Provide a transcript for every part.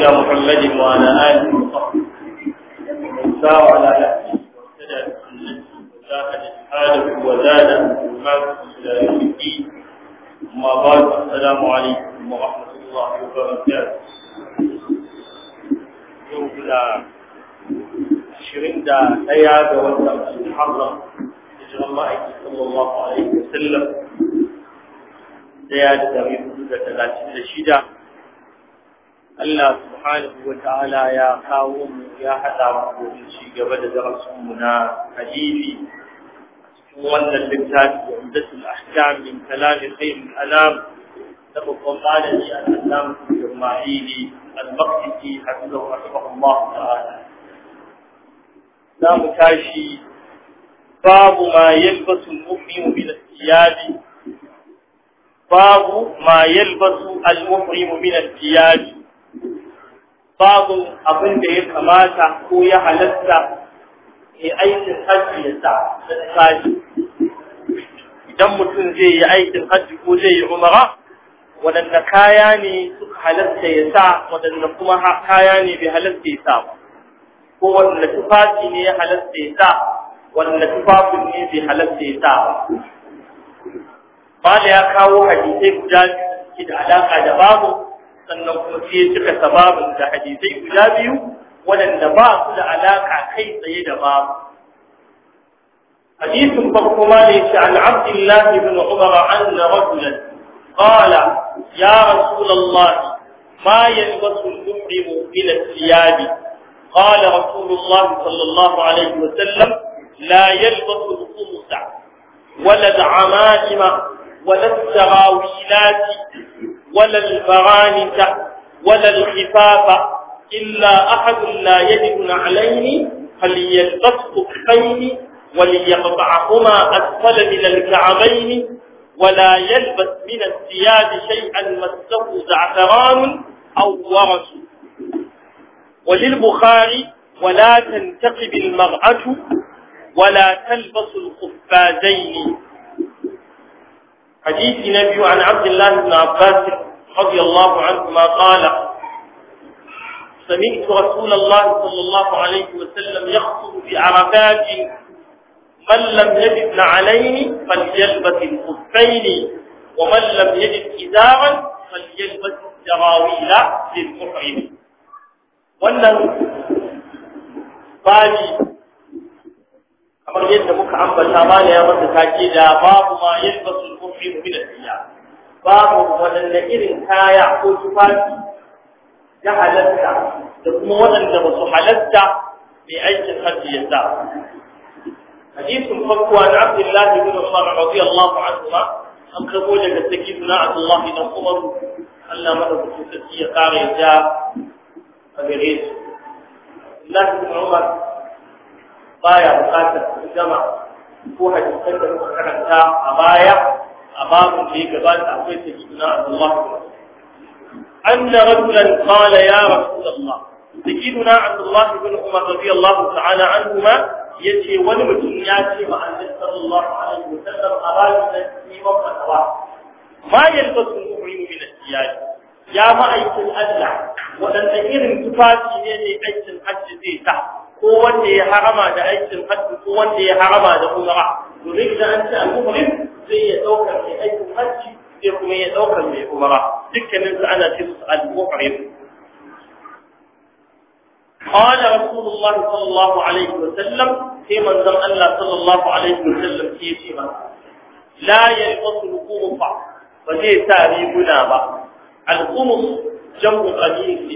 نبينا محمد وعلى آله وصحبه ومن سار على نهجه واهتدى بسنته وجاهد حاله وزاد إلى يوم الدين أما بعد السلام عليكم ورحمة الله وبركاته يوم ta'ala ya kawo mu ya haɗa mu domin ci gaba da darasinmu na hadisi cikin wannan littafi umdatul ahkam min kalami khayrul anam da babban malami al-Islam Ismaili al-Maqdisi hafizahu rahimahullah ta'ala za mu tashi babu ma yalbasu al-mu'minu min al babu ma yalbasu al min al babu abin da ya kamata ko ya halatta ya aikin hajji ya sa da tsari idan mutum zai yi aikin hajji ko zai yi umara waɗanda kaya ne suka halatta ya sa waɗanda kuma kaya ne bai halatta ya sa ba ko waɗanda tufafi ne ya halatta ya sa waɗanda tufafin ne bai halatta ya sa ba ba da ya kawo hadisai guda biyu da alaƙa da babu sannan kuma sai cika sababin da hadisai guda biyu waɗanda ba su da alaƙa kai tsaye da babu حديث فرق مالك عن عبد الله بن عمر أن رجلا قال يا رسول الله ما يلبس المحرم من الثياب قال رسول الله صلى الله عليه وسلم لا يلبس الخمس ولا العمائم ولا السراويلات ولا الفغانس ولا الخفاف إلا أحد لا يجد نعلين فليلبس خفين وليقطعهما أسفل من الكعبين ولا يلبس من الثياب شيئا مسه زعفران أو ورس وللبخاري ولا تنتقب المرأة ولا تلبس القفازين حديث نبي عن عبد الله بن عباس رضي الله عنهما قال سمعت رسول الله صلى الله عليه وسلم يخطب بعرفات من لم يجد نعلين فليلبس الخفين ومن لم يجد إزارا فليلبس السراويل للمحرم وانه قال kamar yadda muka ambata ma ya masa take da babu ma yalbasu al-muhrim min al-thiyab babu wadanda irin kaya ko tufafi ya halatta da kuma wadanda ba su halatta bi aikin hajji ya sa hadisin farko an abdullahi bin Umar radiyallahu anhu an kabo daga sayyidina abdullahi bin Umar Allah ma madaukakin sarki ya kare ya a gare shi Allah bin Umar baya bukatar gama ko hadisan da muka karanta a baya a babun da ya gabata akwai ta suna Allah أن رجلا قال يا رسول الله سيدنا عبد الله بن عمر رضي الله تعالى عنهما يتي ولمتن ياتي مع النبي صلى الله عليه وسلم أراد الذي وفتوى ما يلبس المؤمن من الثياب يا ما أيت الأدلع ولن أئرم تفاتي لي أيت الحج زي تحت ko wanda ya harama da aikin hajji ko wanda ya harama da umara domin idan an ce al-muhrim zai ya daukar mai aikin hajji sai kuma ya daukar mai umara dukkanin su ana ce su al-muhrim قال رسول الله صلى الله عليه وسلم في منزل الله صلى الله عليه وسلم في شيما لا يلبس القمص فزي تاريخنا با القمص جمع قميص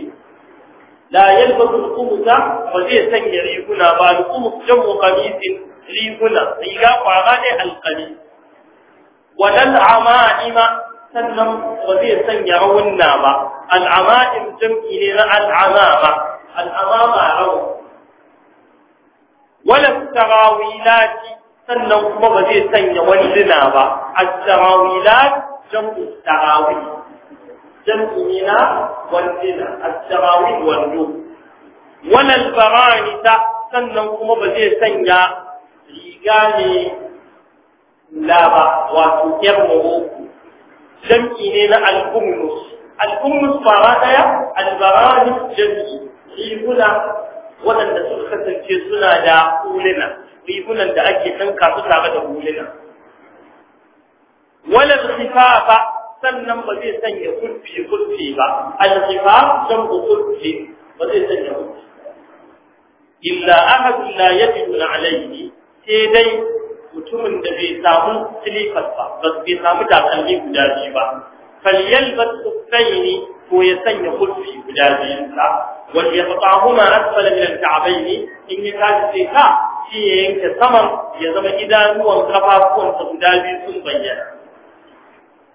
la yalbasu al-qumsa wa zai sanya riguna ba al-qums jamu qamisin riguna riga kwara ne al-qamis wa al-ama'ima sannan ba zai sanya rawunna ba al-ama'im jam'i ne na al-amama al-amama rawun wala tarawilati sannan kuma ba zai sanya wani dina ba at-tarawilat jamu tarawil جمعنا والدنا التراويح والنوم ولا البرانة sannan kuma ba zai sanya riga ne laba wato yar mawuku jam'i ne na al-ummus fara ɗaya, al'barani, jam'i riguna waɗanda suka kasance suna da huluna rigunan da ake ɗan kasu tare da huluna wala khifafa sannan ba zai sanya kulfi kulfi ba al-zifar jam'u kulfi ba zai sanya kulfi illa ahad la yajibu alayhi sai dai mutumin da bai samu silifas ba ba zai samu takalmi guda biyu ba falyalbas kuffaini ko ya sanya kulfi guda biyun sa wal huma asfala min al-ka'bayn in ya kaji sai ka shi ya yanke saman ya zama idanuwan kafafuwan guda biyu sun bayyana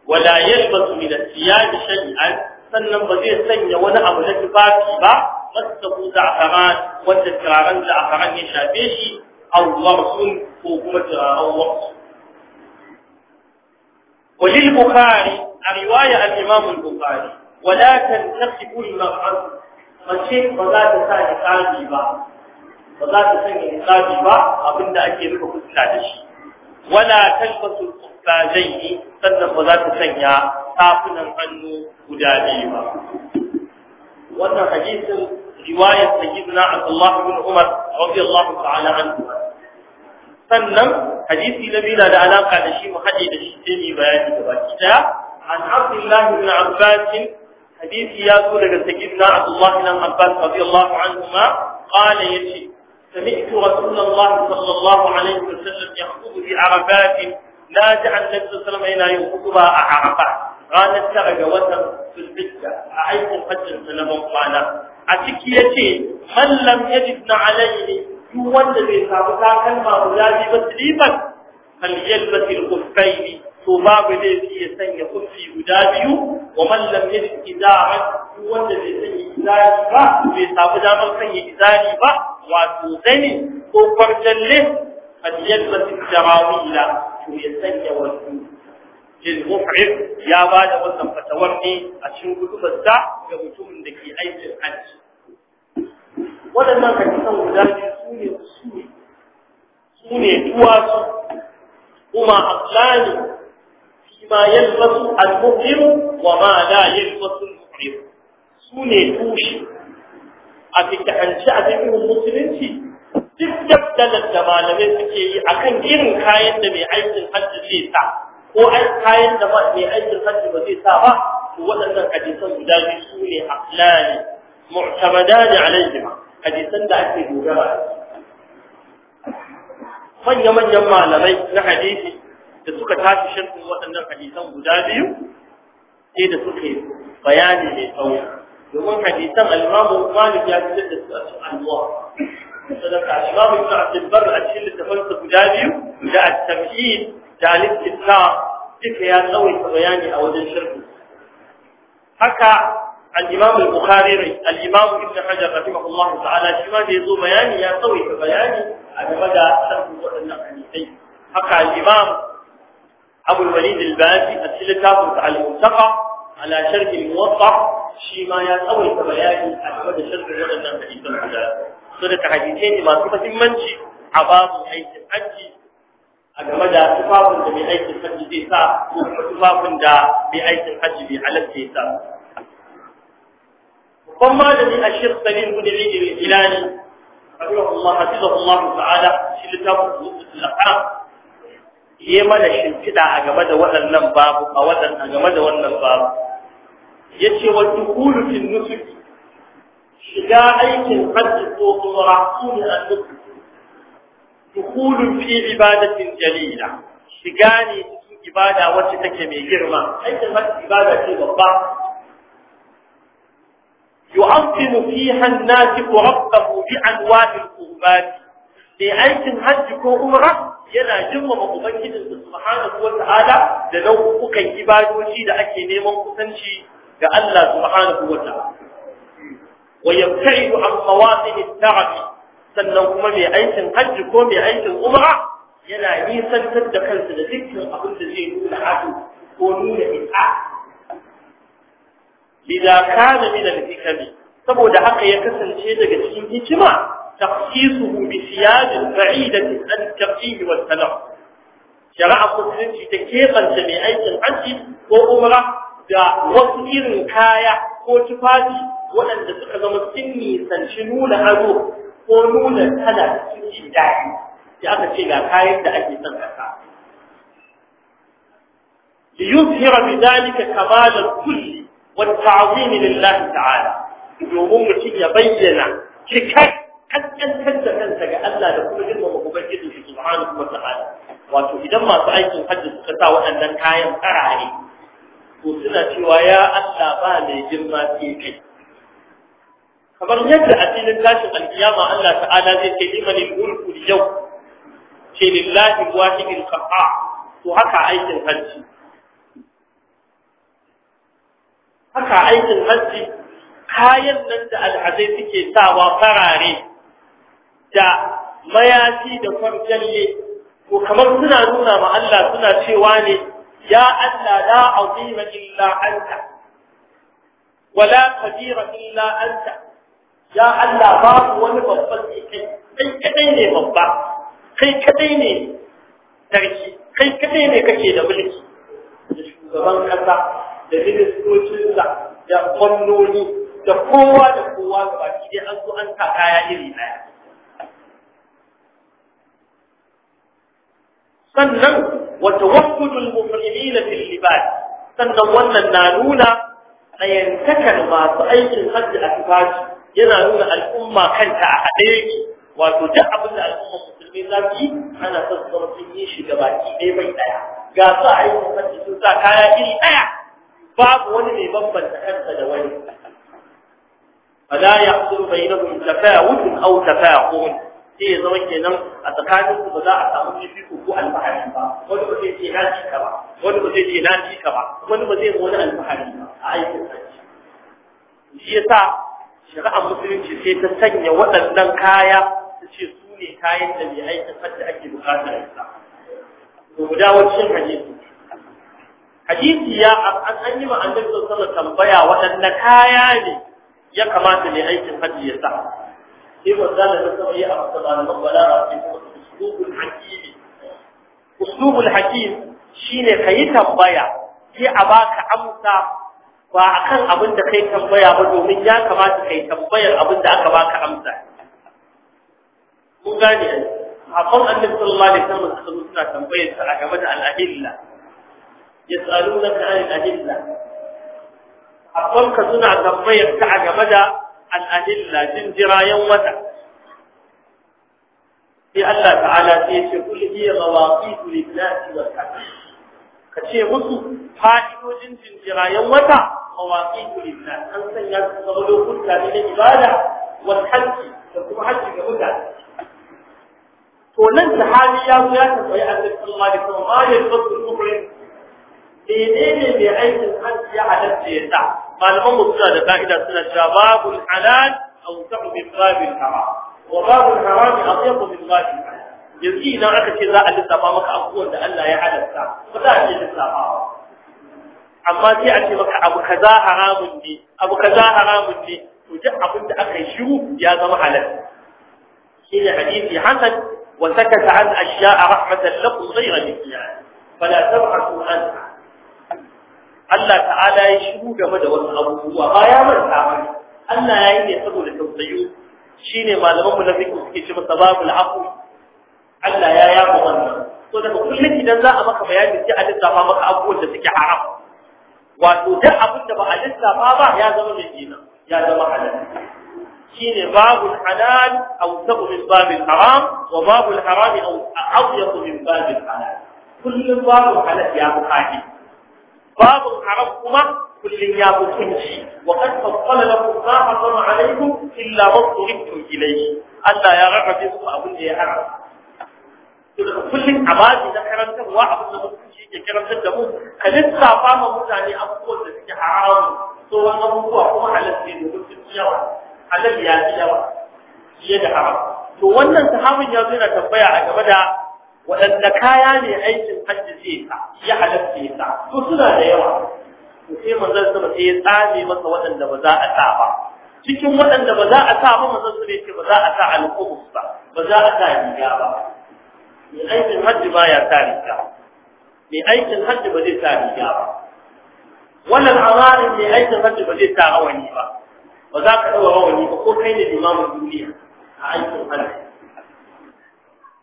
wala yalbasu min al-thiyab shay'an sannan ba zai sanya wani abu na tufafi ba masabu za'faran wanda turaren za'faran ya shafe shi aw warsun ko kuma turaren warsun وللبخاري رواية الإمام البخاري ولا تنتخب المرأة mace ba za ta sa niqabi ba ba za ta sanya niqabi ba abinda ake rufe fuska da shi wala talbasu kufajai sannan ba za ta sanya tafunan hannu guda biyu ba wannan hadisin riwayar sayyidina Abdullah ibn Umar radiyallahu ta'ala anhu sannan hadisi na biyu da alaka da shi mu haɗe da shi sai mai bayani gaba ki daya an Abdullah ibn Abbas hadisi ya zo daga sayyidina Abdullah ibn Abbas radiyallahu anhu ma qala yace سمعت رسول الله صلى الله عليه وسلم يخطب بعرفات لا جعل النبي صلى الله عليه وسلم الى يوم خطبه عرفه ranar tara ga watan zulhijja a aikin hajjin sa na ban kwana a ciki yace man lam yajid na alayhi duk wanda bai samu takalma guda biyu ba slipan fal yalbas al khuffayn to babu dai shi ya sanya kufi guda biyu wa mallam lam yajid idaman bai sanya damar sanya ba wato zani ko kwarjalle faliyalbas jarawila to ya sanya wasu lil muhrim ya ba da wannan fatawar ne a cikin gudubarsa ga mutumin da ke aikin hajji waɗannan hadisan guda biyu su ne usuli su ne duwatsu kuma aklani al-muhrim wa ma da yin al-muhrim su ne tushe a fikahance a cikin musulunci duk dabdalar da malamai suke yi a kan irin kayan da mai aikin hajji zai sa ko kayan da mai aikin hajji ba zai sa ba to waɗannan hadisan guda biyu su ne aslani mu'tamadani alaihim hadisan da ake dogara manya-manyan malamai na hadisi da suka tashi shirkin waɗannan hadisan guda biyu sai da suka yi bayani mai tsawo يقول حديثا الإمام مالك يا سيد الله فذلك الإمام ابن عبد البر الشلة فلسة جادي جاء التمشيد جاء الاستثناء ذكر يا قوي سبياني أو ذا الشرك حكى الإمام البخاري الإمام ابن حجر رحمه الله تعالى شما ديزو بياني يا قوي سبياني أبي مدى أحسن بوضع النقلي حكى الإمام أبو الوليد الباسي الشلة تابلت عليه سقع ala shargin muwatta shi ma ya tsawaita bayani a game da sharhin waɗannan hadisan guda so da hadisai ne masu muhimmanci a babun aikin hajji a game da tufafin mai aikin hajji zai sa ko tufafin da mai aikin hajji bai halatta ya sa babban malami a shir salim bin shi yi mana shimfiɗa a game da waɗannan babu a game da wannan babu ce wa dukhulu fil nusuk shiga aikin hajji ko umra shine an-nusuk fi ibadatin jalila shiga ne cikin ibada wacce take mai girma aikin hajji ibada ce babba yu'azzimu fiha an-nasiku rabbahu bi'anwa'i al-qurbat sai aikin hajji ko umra yana girmama ubangijinsa subhanahu wa ta'ala da nau'ukan ibadoci da ake neman kusanci كالله سبحانه وتعالى ويبتعد عن مواطن التعب سنوكم من عيش الحج كومي عيش الأمرة يلا عيسى تبدأ كالسة ذكر أقول تزين كل عدو ونون إسعاد لذا كان من الهكمي طب وده حق يكسن شيدة قسين هجمع تخصيصه بسياج بعيدة عن التقييم والتنقل شرع قدرتي تكيقا سمي عيش الحج وأمرة da wasu irin kaya ko tufafi waɗanda suka zama sun nisanci nuna ado ko nuna tana cikin shi daɗi da aka ce ga kayan da ake son kasa. liyuzhira bidalika kamalal kulli wa ta'zim lillahi ta'ala domin mutum ya bayyana cikar kankantar da kansa ga Allah da kuma girmama ubangiji subhanahu wa ta'ala wato idan masu aikin hajji suka sa waɗannan kayan tsarare Ko suna cewa ya Allah ba mai girma ke kai kamar yadda a cikin tashin alkiyama Allah ta'ala zai ce liman al-mulku yau ce lillahi wahidil qahhar to haka aikin hajji haka aikin hajji kayan nan da alhazai suke sawa farare da mayafi da kwarjalle ko kamar suna nuna ma Allah suna cewa ne يا ألا لا عظيم إلا أنت ولا قدير إلا أنت يا ألا باب ونبضل كي كديني بابا كي كديني تركي كي كديني كي دبلكي gaban kasa da ministocinsa da kwannoni da kowa da kowa gaba ki an zo an sa kaya iri daya sannan wa tawakkudul mufrimin fil libad sannan wannan na nuna tsayantakar masu aikin hajji a tufafi yana nuna al'umma kanta a haɗe yake wato duk abin da al'umma musulmi za su yi ana son su sun yi shi gabaki ɗaya bai ɗaya ga su a yi hajji sun sa kaya iri ɗaya babu wani mai bambanta kansa da wani فلا يحصل بينهم تفاوت أو تفاقم sai ya zama kenan a tsakanin ku ba za a samu fifiko ko alfahari ba wani ba zai ce na ci ka ba wani ba zai ce na ci ka ba wani ba zai wani alfahari ba a aikin sarki shi yasa shari'ar musulunci sai ta sanya waɗannan kaya ta ce su ne kayan da mai aikin da ake bukatar sa to guda wancan hadisi hadisi ya an yi wa annabi sallallahu alaihi wasallam tambaya waɗanne kaya ne ya kamata mai aikin hajji ya sa sai wanda da kuma yi a malaman balaga sai kuma uslubul hakim uslubul hakim shine kayi tambaya sai a baka amsa ba akan abin da kai tambaya ba domin ya kamata kai tambayar abin da aka baka amsa mun gane suna tambayar sa da suna tambayar da al'adilla jin jirayen wata sai Allah ta'ala sai ya ce kul hiya mawaqitu lin ka ce musu fa'idojin jin jirayen wata mawaqitu lin-nas an sanya su zama lokuta ne ibada wal-hajj da kuma hajji ga mutane to nan sahabi ya ya tambayi annabi sallallahu alaihi menene mai aikin hajji ya halatta ya sa malaman mu suna da fa'ida suna cewa babul halal aw sa'u min babil haram wa babul haram atyaqu min babil halal yanzu idan aka ce za a lissafa maka abubuwan da Allah ya halatta ba za a ce lissafa amma sai a ce maka abu kaza haramun ne abu kaza haramun ne to duk abin da aka yi shiru ya zama halal shi ne hadisi hasan وسكت عن أشياء رحمة لكم غير مثلها فلا تبحثوا عنها Allah ta'ala ya shiru game da wasu abubuwa ba ya manta ba Allah ya yi ne saboda tausayi shine malaman mu na fiqh suke cewa sababul aqul Allah ya yafa wannan so daga kullum idan za a maka bayani sai a lissafa maka abubuwan da suke haram wato duk abin da ba a lissafa ba ya zama mai dina ya zama halal shine babul halal aw sabu min babil haram wa babul haram aw adyaq min babil halal kullum babul halal ya fi babun haram kuma kullum ya fi kunci wa kan fassala lakum ma harrama alaikum illa ma tuhibtum Allah ya rarrabe su abin da ya haramta daga kullum a na karantarwa abin da mutunci ke karantar da mu ka ma mutane abubuwan da suke haramu sauran abubuwa kuma halal ne domin su yawa halal ya fi yawa fiye da haram to wannan sahabin ya zo yana tambaya a gaba da waɗanda kaya ne aikin hajji zai sa ya halatta ya sa to suna da yawa to sai manzon sama sai ya tsame masa waɗanda ba za a sa ba cikin waɗanda ba za a sa ba manzon sama yake ba za a sa alƙubus ba ba za a sa riga ba mai aikin hajji ba ya sa riga mai aikin hajji ba zai sa riga ba wannan amarin mai aikin hajji ba zai sa rawani ba ba za ka ɗaura rawani ba ko kai ne limamin duniya a aikin hajji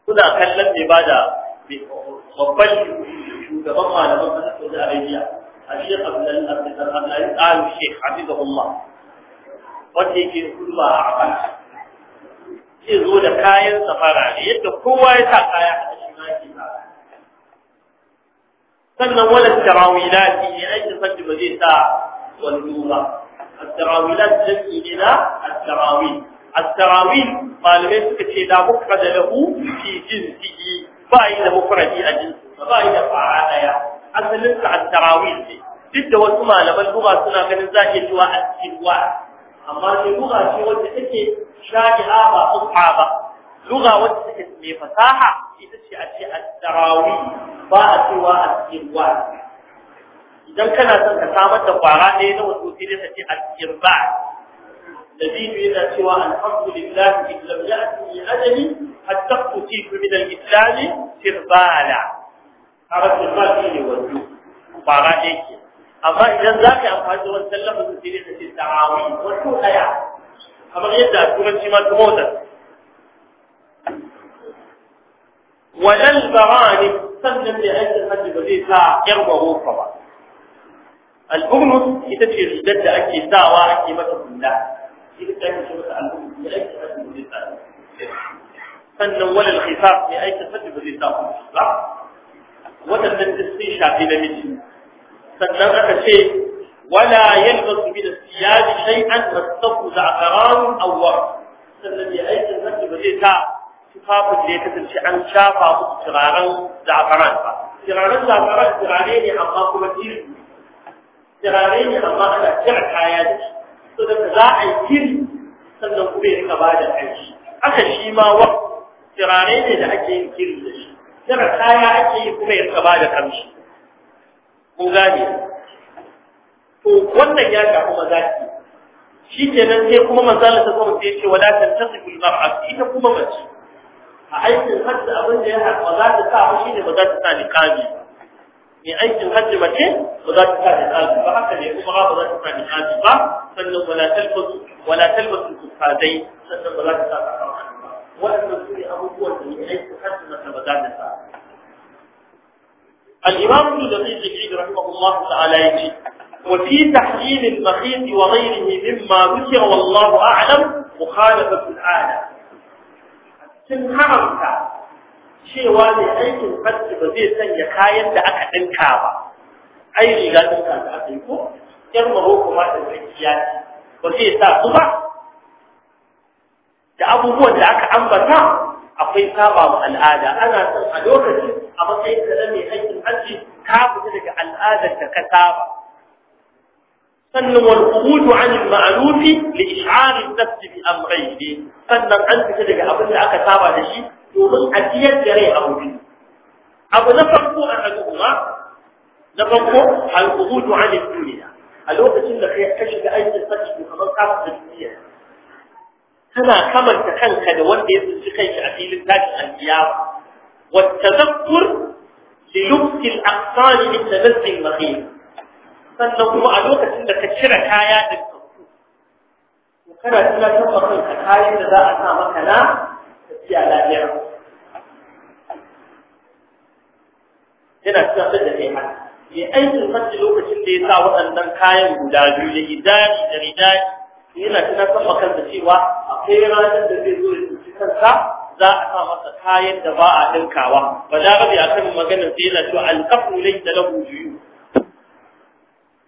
suna kallon mai ba da babban shugaban malaman kasar saudi arabia a shi abdullahi abdullahi tsarin shekh habibullah wanda yake kulma a abin zai zo da kayan safara da yadda kowa ya sa kaya a cikin ba. sannan wala tarawilati ne ai tafaddi ba zai sa wani ba at-tarawilat jami'i ne na at التراويل malamai suka ce da mufrad lahu fi jinsihi ba yi da mufradi a jinsi ba yi da fara daya asalin sa at ne duk da wasu malaman lugha suna ganin za ke cewa at-tilwa amma sai lugha ce wacce take shaji'a ba usha ba lugha wacce take mai fasaha ita ce a ce ba idan kana son ka samar da fara ɗaya na wasu sai ka ce تزيد إلى سوى الحمد لله إن لم يأتني أجلي حتى اقتسيت من الإسلام سربالا عرفت الفاتحين والجوء مباراة إيكي أما إذا ذاك أفعاد وسلم بسيرين التعاوين وشو أيا أما يدى أكون شما تموتا ولا المعاني سنن لأجل الحج بذي ساعة يرمى غوفة البغنس يتجي ردد أكي ساوى أكي مكة الله sannan wani alkhisaf mai aiki sabbi ba zai samu ba shafi sannan aka ce wala yalbasu bi da sannan aiki ba zai ta da ya kasance an shafa musu turaren ba turaren turare ne amma kuma turare ne amma ana kira kaya da shi so da za a yi kiri sannan kuma ya rika ba da aiki aka shi ma wa turare ne da ake yin kiri da shi daga kaya ake yi kuma ya rika ba da kamshi mun gane to wannan ya shafi maza ke shi kenan sai kuma manzala ta zama sai ce wadatar tasibul a ita kuma mace a aikin hajji abin da ya haɗa za ta sa shi ne ba za ta sa ni niqabi ba mai aikin hajji mace ba za ta sa hijabi ba haka ne kuma ba za ta sa hijabi ba sannan wala talbas wala talbas kufadai sannan ba za ta sa kafan ba wannan su ne abubuwan da mai aikin hajji mace ba za ta sa الإمام ابن دقيق الجيد رحمه الله تعالى يجي وفي تحليل المخيط وغيره مما ذكر والله أعلم مخالفة الآلة تنهرمت cewa mai aikin hajji ba zai sanya kayan da aka ɗinka ba ai riga da aka yi ko 'yan maroko ma da tsakiya ce ba zai sa su ba da abubuwan da aka ambata akwai saba wa al'ada ana son a lokacin a matsayin da mai aikin hajji ka fita daga al'adar da ka saba sannan wani quludu an al ma'ruf li ishari an-nafs bi sannan an fita daga abin da aka saba da shi domin a ciyar da rai abu biyu abu na farko an ragu kuma na farko al-qudu an duniya a lokacin da kai ka shiga aikin sarki kamar kafin duniya kana kamanta kanka da wanda ya tsinci kanshi a filin tashin alkiyama wa tadakkur li lubsi al-aqsan min tadassi al-makhil sannan kuma a lokacin da ka cire kaya da kana tunatar da kanka kayan da za a sa maka na tafiya lafiya yana abin da kai haka ya aikin hajji lokacin da ya sa waɗannan kayan guda biyu da idani da ridani yana tunatar ma kansa cewa akwai ranar da zai zo da tsinci kansa za a sa masa kayan da ba a dinkawa ba za a rabe akan maganar sai yana cewa alkafu lai da lahu juyu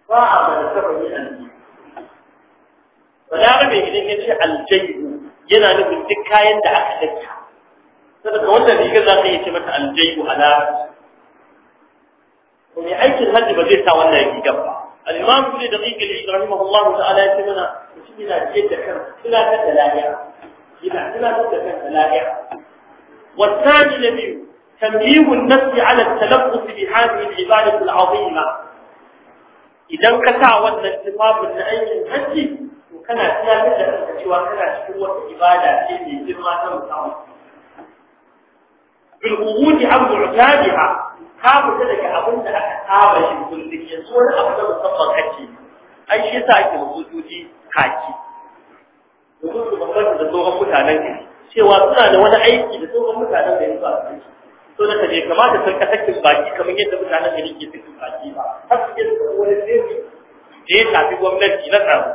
ba a balantaba ne aljihu ba za a idan ya ce aljihu yana nufin duk kayan da aka dinka saboda wanda rigar za ka yi ce mata aljihu a larabci ومن عيش الهدي بجيسا ولا يجيب الإمام كل دقيقة رحمه الله تعالى يسمنا مشكلة الله كان ثلاثة لاهية إذا ثلاثة كان والثاني الذي تنبيه النفس على التلبس بهذه العبادة العظيمة إذا انقطع وانا اتفاق من أي الهدي وكان tuna da kanka cewa kana cikin wata ibada ce mai عن معتادها ka fita daga abin aka saba shi kullum yanzu wani abu da musamman kake ai shi yasa ake mutuji kaki domin su bambanta da tsohon mutanen gari cewa suna da wani aiki da tsohon mutanen gari ba su yi so da bai kamata sun kasakkin baki kamar yadda mutanen gari ke sakin baki ba har su yadda wani zai da ya tafi gwamnati na tsaro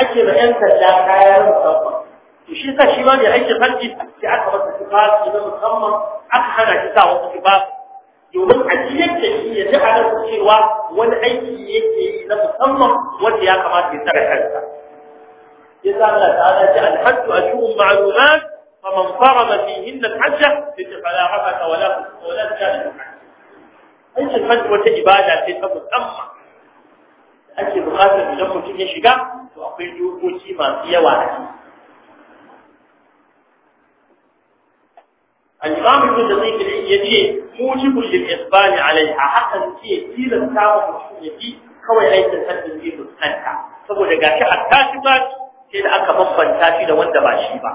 ake da yan sanda kayan musamman to shi sa shi ma mai aikin farki sai aka masa tufafi na musamman aka hana shi sa wasu tufafi domin a ciyar da shi ya ji a cewa wani aiki yake yi na musamman wanda ya kamata ya tsara kansa yasa Allah ta'ala ya ce alhajju ashhurun ma'lumat faman farama fihinna alhajja fala rafata wala wala jahil aikin hajji wata ibada ce ta musamman ake bukatar idan mutum ya shiga to akwai dokoki masu yawa a ciki al-imam ibn zayd ya ce mujibul lil isbani alaiha hakan ce tilan tawo mutum ya bi kawai aikin sabbin zai fuskanta saboda gashi a tashi ba sai da aka bambanta shi da wanda ba shi ba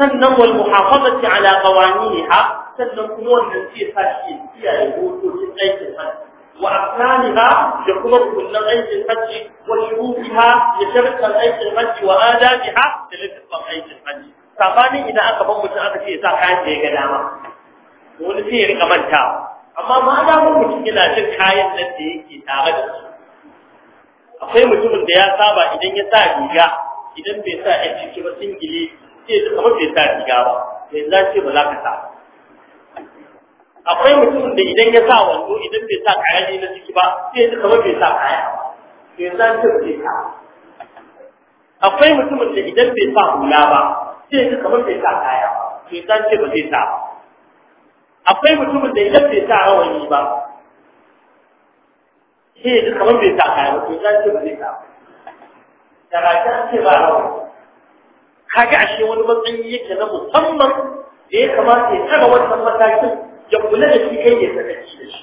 sannan wal muhafazati ala qawaniha sannan kuma wannan sai sa shi kiyaye dokokin aikin hajji wa afsaniha da kuma rukunan aikin hajji wa shuruha da sharuɗan aikin hajji wa da aikin idan aka bambanta aka ya sa kayan da ya ga dama wani sai ya rika manta amma ma za mu mutum yana cin kayan nan da yake tare da su akwai mutumin da ya saba idan ya sa riga idan bai sa ya ciki ba singili sai ya kamar bai sa riga ba sai za ce ba za ka sa akwai mutumin da idan ya sa wando idan bai sa kayan ne na ciki ba sai ya kamar bai sa kaya ba bai za ce ba zai sa akwai mutumin da idan bai sa hula ba sai ya kamar bai sa kaya ba bai za ce ba zai sa ba akwai mutumin da idan bai sa rawani ba shi ne kamar bai sa kaya ba to ya ce ba zai sa da rajin ce ba rawani ga ashe wani matsayi yake na musamman da ya kamata ya tsara wannan matakin ya kula da shi kai ya saka shi da shi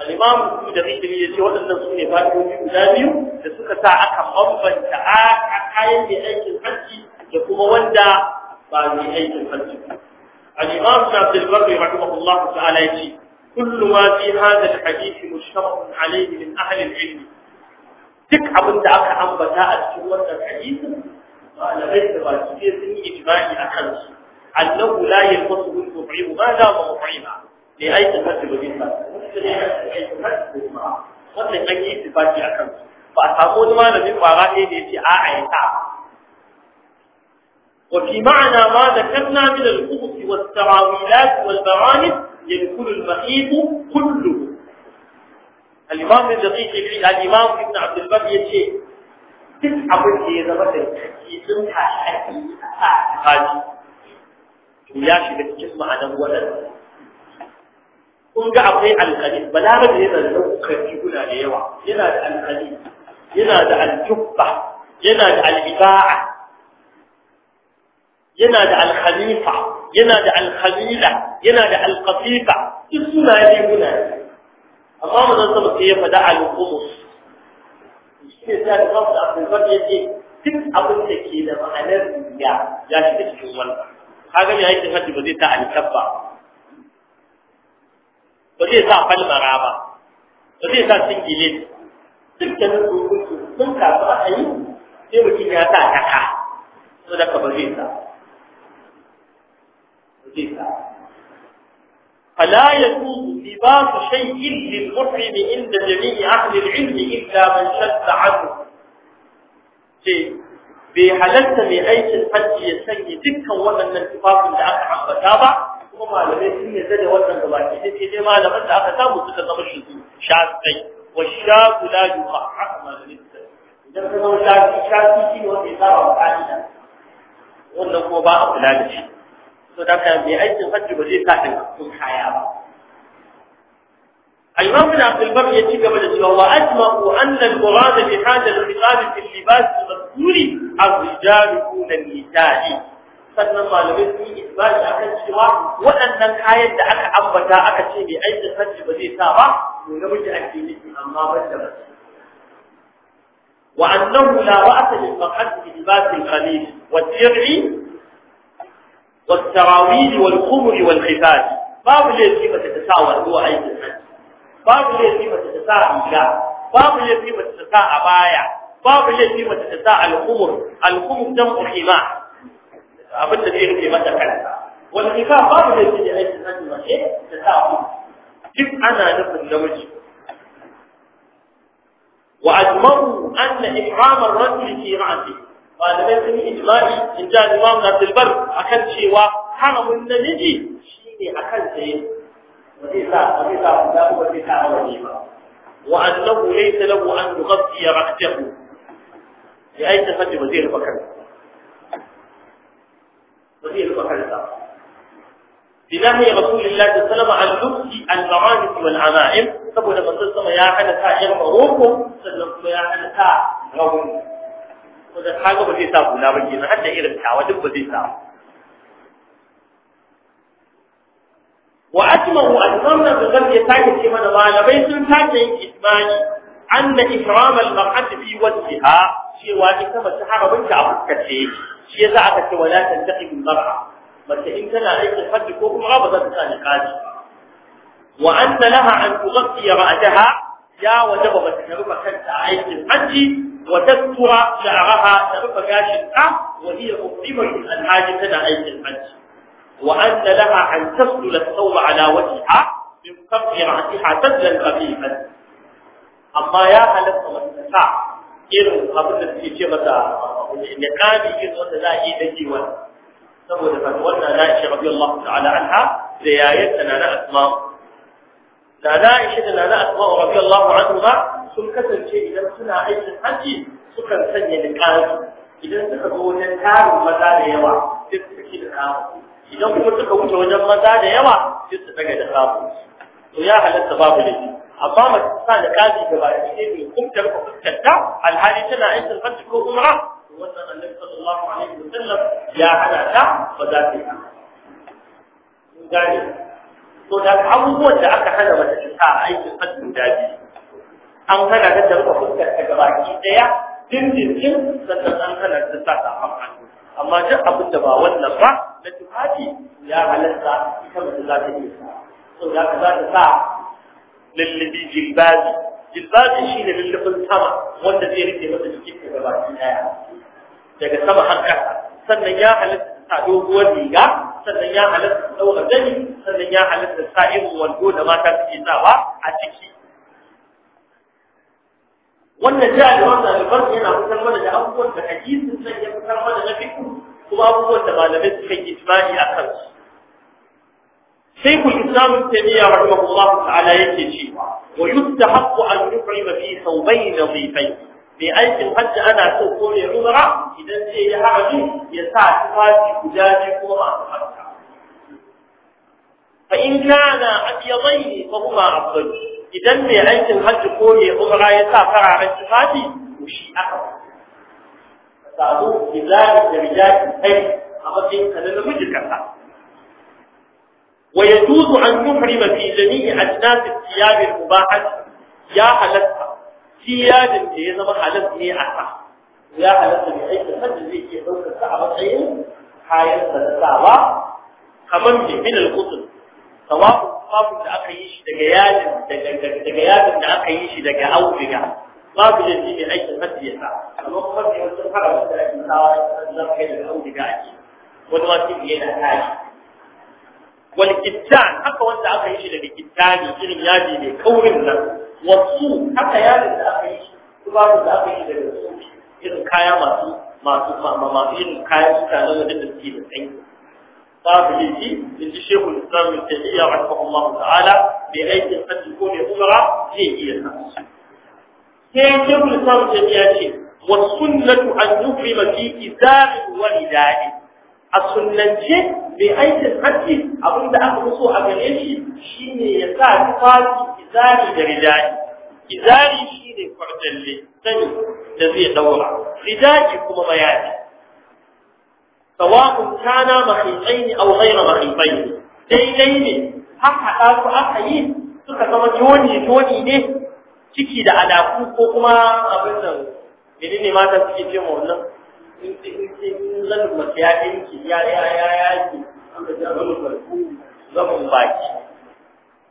al'imamu su da zai ya ce waɗannan su ne fa'idoji guda biyu da suka sa aka bambanta a kayan mai aikin hajji da kuma wanda ba mai aikin hajji ba الإمام ابن عبد البر رحمه الله تعالى يجي كل ما في هذا الحديث مشترك عليه من أهل العلم duk abinda aka ambata a cikin wannan hadisin malamai da ba su sun yi ijma'i a kansu annahu la yalfasu bil mut'im ma la mut'ima li ay tafasil bil wannan an yi ittifaqi a kansu ba a samu wani malamin kwara ɗaya da ya وفي معنى ما ذكرنا من الكبس والتراويلات والبعانب يكون المخيط كله الإمام الدقيق يقول الإمام ابن عبد البر يشيء تتعب هي ذبت الحديث الحديث الحديث وياشي بالجسم عن أولا قل قعب هي على الحديث بلا بد هنا اللوقة يقول عليه هنا الحديث هنا الجبة هنا الإباعة ينادى على الخليفة ينادى على الخليلة ينادى على القفيفة اسمنا يلي هنا الله منظم كيف دعا للقمص يشتري ذلك قبل أفضل قد يجي تب أبنك كيدا معنى يا يا شكت جمال هذا من عيد فدي بذيتا عن كبا بذيتا فل مرابا بذيتا سنجلين تب تنبو كنتو من كابا أيو يمكن أن يتعكا هذا كبذيتا فلا يكون لباس شيء للمحرم عند جميع أهل العلم إلا من شد عنه شيء بحلت بأي أي الحج يسني دكا من الاتفاق اللي أقع بتابع وما لم يسمي ذلك من الله يسمي ما لم أنت أقتابه تتضمش شعبي والشاب لا يقع ما لم يسمي إذا كانوا شعبي شعبي شيء وإذا رفعنا وأنه هو بقى أولاد to da ka mai aikin hajji ba zai sa ɗin kaya ba الإمام بن عبد البر يجيب بلده وأجمعوا أن المراد بهذا الخطاب في اللباس المذكور الرجال دون النساء sannan malamai sun yi isbari a kan cewa waɗannan kayan da aka ambata aka ce mai aikin hajji ba zai sa ba to namiji ake nufi amma ban da والتراويل والخمر والخفاف باب ليه كيف تتساوى هو عيد الحج باب ليه كيف تتساوى إله باب ليه كيف تتساوى بايع باب ليه كيف تتساوى الخمر الخمر جمع خماع أبدا فيه في مدى كلمة والخفاف باب ليه كيف عيد الحج وشيء تتساوى كيف أنا نفس النوجه وأجمعوا أن إحرام الرجل في رأسه malamai sun yi ijma'i in ja imam na silbar akan cewa haramun da shine akan tsaye ba zai sa ba wa annahu laysa lahu an yughfi ya ai ta fadi ba zai rufa ba zai rufa kansa بنهي رسول الله صلى الله عليه وسلم saboda manzon sama ya hana ta irin sannan kuma ya hana ta rawun wanda kaga ba zai sa guna ba kenan har da irin tawa duk ba zai sa wa atmahu al-zamna bi ghadd ya take ce mana malamai sun take yin ismani anna ihram al-mar'ati fi wajhiha cewa ita mace harabin ta a fuskace shi yasa aka ce wala tantaqi bil mar'a mace in tana aikin hajji ko kuma ba za ta sa niqabi wa anna laha an tughfiya ra'ataha ya wajaba ba ta rufa kanta a aikin hajji وتكثر شعرها تكف كاشفة وهي مقيمة الحاجة لها أيضا الحج وأن لها أن تسلل الثوب على وجهها من فقر رأسها تسلل خفيفا أما يا هل الصلاة إذا قبل في شيخة النقاب أن لا يدجي ولا سبب فتولنا نائشة رضي الله تعالى عنها زيايتنا لا أسماء لا نائشة أسماء رضي الله عنها sun kasance idan suna aikin haji sukan sanya da niqabi idan suka zo wajen tarin maza da yawa sai su da niqabi idan kuma suka wuce wajen maza da yawa sai su daga da niqabi to ya halatta babu laifi amma mace ta da kaji gaba da shi ne kumtar ko fuskarta alhali tana aikin haji ko umra wannan annabi sallallahu alaihi wasallam ya hada ta ba za ta yi gane to da abubuwan da aka hana mace ta aikin haji guda biyu an kana da tarka fuskar ta gaba ki daya din sannan an da ta sa ta hannu amma duk abin da ba wannan ba na tufafi ya halatta ita mace za ta iya sa so da ka za ta sa lullubi jilbabi jilbabi shi ne lullubin sama wanda zai rike masa jikin ta gaba ki daya daga sama har sannan ya halatta ta doguwar riga sannan ya halatta ɗaura gani sannan ya halatta sa irin wando da mata suke sawa a ciki wannan jihar da wannan albarka yana fitar mana da abubuwan da hadisin nan ya fitar mana na fiku kuma abubuwan da malamai suka yi ijma'i a kansu شيخ الإسلام التيمية رحمه الله تعالى يكتشي ويستحق أن يطعم في ثوبين نظيفين بأيك الحج أنا سوكون عمرة إذا سيئ عمي يسع تفاتي كجاجي كورا فإن كان أبيضين فهما أفضل idan mai aikin hajji ko mai umra ya sa fararen tufafi to shi aka samu izari da rijaki kai a matsayin ka na namiji kasa wa yajuzu an tuhrima fi jami'i ajnas al-thiyab al-mubahah ya halatta thiyabin da ya zama halatta ne a sa ya halatta mai aikin hajji zai iya daukar sa a matsayin kayan sa kamar mai min al-qutl sawa'u tufafin da aka yi shi daga yadin daga yadin da aka yi shi daga auduga babu da shi ne aikin hajji ya sa amma kuma sai wasu fara wasu da ake sawa da kai daga auduga ake wani wasu ne na tashi wani kittan haka wanda aka yi shi daga kittani irin yadi mai kaurin nan wasu haka yadin da aka yi shi tufafin da aka yi daga su irin kaya masu masu masu irin kayan mutanen wajen da suke da tsanyi babu laifi in ji shekul islam bin tafiya wa tafi Allah ta'ala mai aikin hajji ko mai umara zai iya sa sai shekul islam tafiya ce wa sunnatu an yukrima fi izari wa ridai a sunnance mai aikin hajji abinda aka fi so a gare shi shine ya sa tufafi izari da ridai izari shine kwarjalle sani da zai ɗaura. ridai kuma bayani sawa'un kana makhifai aw ghayra makhifai daidai ne haka su aka yi suka zama toni toni ne ciki da alaku ko kuma abin nan ne mata suke ce ma wannan in in zan mace ya dinki ya ya ya ya ki an da zaman farko zaman baki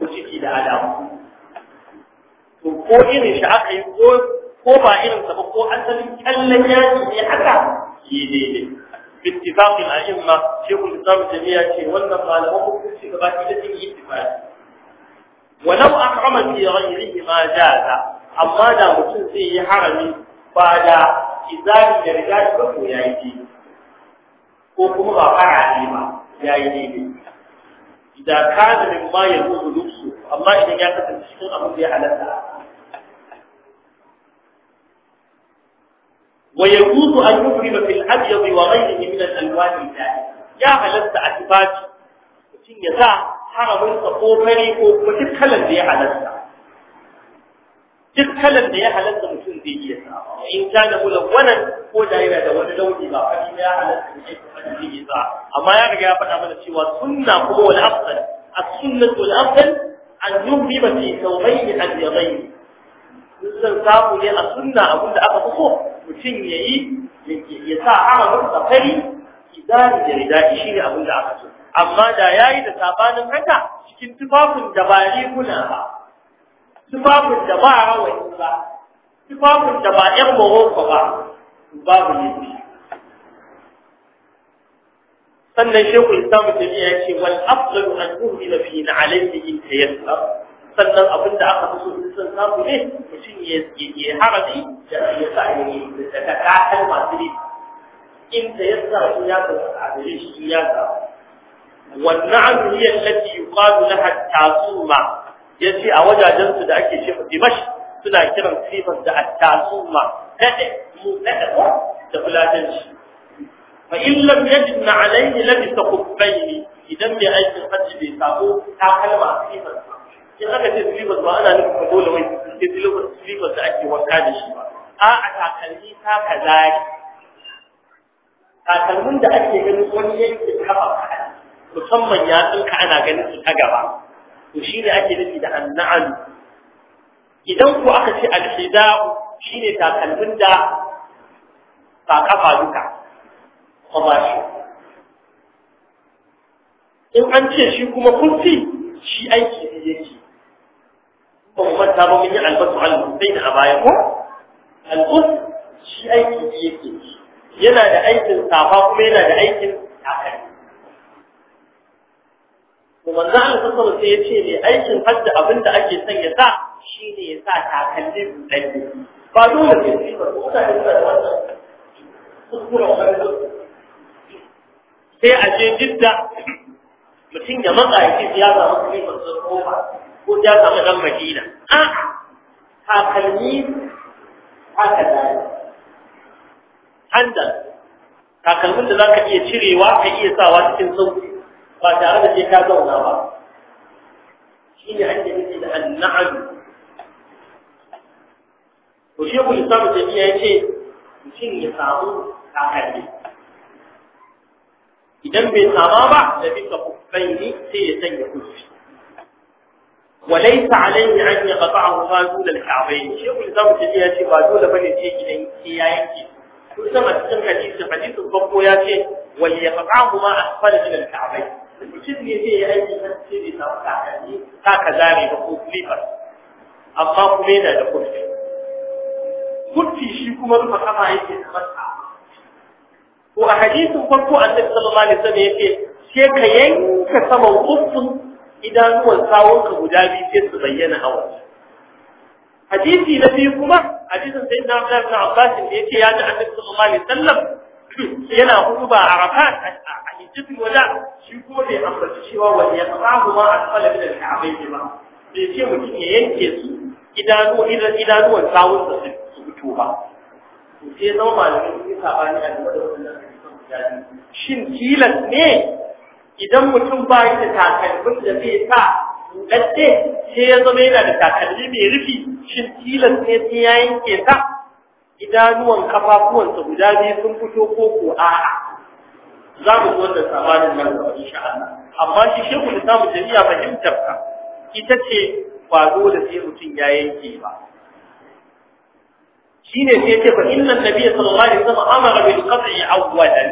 ko ciki da alaku to ko irin shi aka yi ko ko ba irin sa ba ko asalin kallon yaki ne haka yi daidai باتفاق الأئمة شيخ الإسلام الجميع شيء والنقال ومكتب في قبائل الاتفاق ولو أحرم في غيره ما جاز أما دا مكتب فيه حرم بعد إزالة رجال فهو يأتي وكما غفر عليما يأتي إذا كان مما يجوز لبسه الله إذا كانت تشكين أمر بها على ويجوز أن يبرم في الأبيض وغيره من الألوان الثانية يا هلست أتفاج وشين يسا حرم الصفور مريكو وتتكلم دي هلست تتكلم دي هلست مشون دي يسا ان كان ملونا هو دائرة دولة لوني ما فهي يا هلست مشون دي يسا أما يرجع بنا من الشيوى سنة هو الأفضل السنة الأفضل أن يبرم في ثوبين أبيضين sun samu ne a sunna abinda aka mutum ya yi ya sa haramun da fari idani da ridai shi ne abin da aka so amma da ya yi da sabanin haka cikin tufafin da ba riguna ba tufafin da ba rawani ba tufafin da ba ƴan morocco ba babu ne sannan shekul islam tafiya ya ce wal afdalu an tuhmila fi alayhi in tayassar sannan abin da aka so in san samu ne shi ne ya ya harabi da ya sai ne da ka kakal masu ne in ta yasa su ya ga abin shi ya ga wannan hiya allati yuqalu laha tasuma yace a wajajen su da ake cewa dimash suna kiran sifar da at-tasuma kada mu kada ko da shi fa in lam yajid alayhi lam khuffaini idan bai aikin hajji bai sabo ta kalma sifar in aka ce silifas ba ana nufin ka mai wai ke silifas da ake wanka da shi ba a a takalmi ta ka zari takalmin da ake ganin wani yankin kafa musamman ya tsinka ana ganin su ta gaba to shi ne ake nufi da anna'alu idan ko aka ce alhida'u shi ne takalmin da ba kafa duka ba ba shi in an ce shi kuma kurfi shi aiki ne yake manta ba mun yi albasu al-husayn a baya ko al-us shi aiki yake yana da aikin safa kuma yana da aikin takalmi to manzo Allah sallallahu alaihi wasallam sai ya ce aikin hajji abinda ake son ya sa shi ne ya sa takalmi buɗaɗɗe ba dole ne sai ba ko da sai a je jidda mutum ya matsa ya ce ya zama kalmar sun ko ya samu dan madina a takalmi haka da handa takalmin da zaka iya cirewa ka iya sawa cikin sauƙi ba tare da sai ka zauna ba shine ake nufi da to shi ya islam ya samu idan bai sama ba da bisa kufai ne sai ya sanya kufi وليس عليه أن يقطعه قانون الكعبين شيخ الإسلام الجميع يأتي قانون بني تيجي لنكيائك يسمى تسمى حديث حديث الضبو يأتي وليقطعه ما أسفل من الكعبين mutum ne zai yi aiki na sirri na kakanni ta ka zare ba ko slipper amma kuma yana da kurfi kurfi shi kuma rufe kafa yake da masa ko a hadisin farko annabi sallallahu alaihi ya ce sai ka yanka saman kurfin idanuwan tsawonka guda biyu sai su bayyana a wasu hadisi na biyu kuma hadisin sai na fi na Abbas da yace ya ji Annabi sallallahu alaihi sallam yana ba a rafa a hijjatul wada shi kuma bai ambaci cewa wani ya tsahu ma asfala min al-ka'bayn ba bai ce mutum ya yanke su idanuwan tsawonka su fito ba sai zama malamin ya sabani a cikin wannan hadisin shin tilas ne idan mutum ba yi da takalmin da zai sa ɗaɗɗe sai ya zama yana da takalmi mai rufi shin tilas ne sai ya yanke sa idanuwan kafafuwansa guda biyu sun fito ko ko a za mu zo da sabanin nan da insha Allah amma shi shehu da samu jami'a fahimtar ka ita ce ba dole sai mutum ya yanke ba shine sai ce fa inna nabiyya sallallahu alaihi wasallam amara bil qat'i awwalan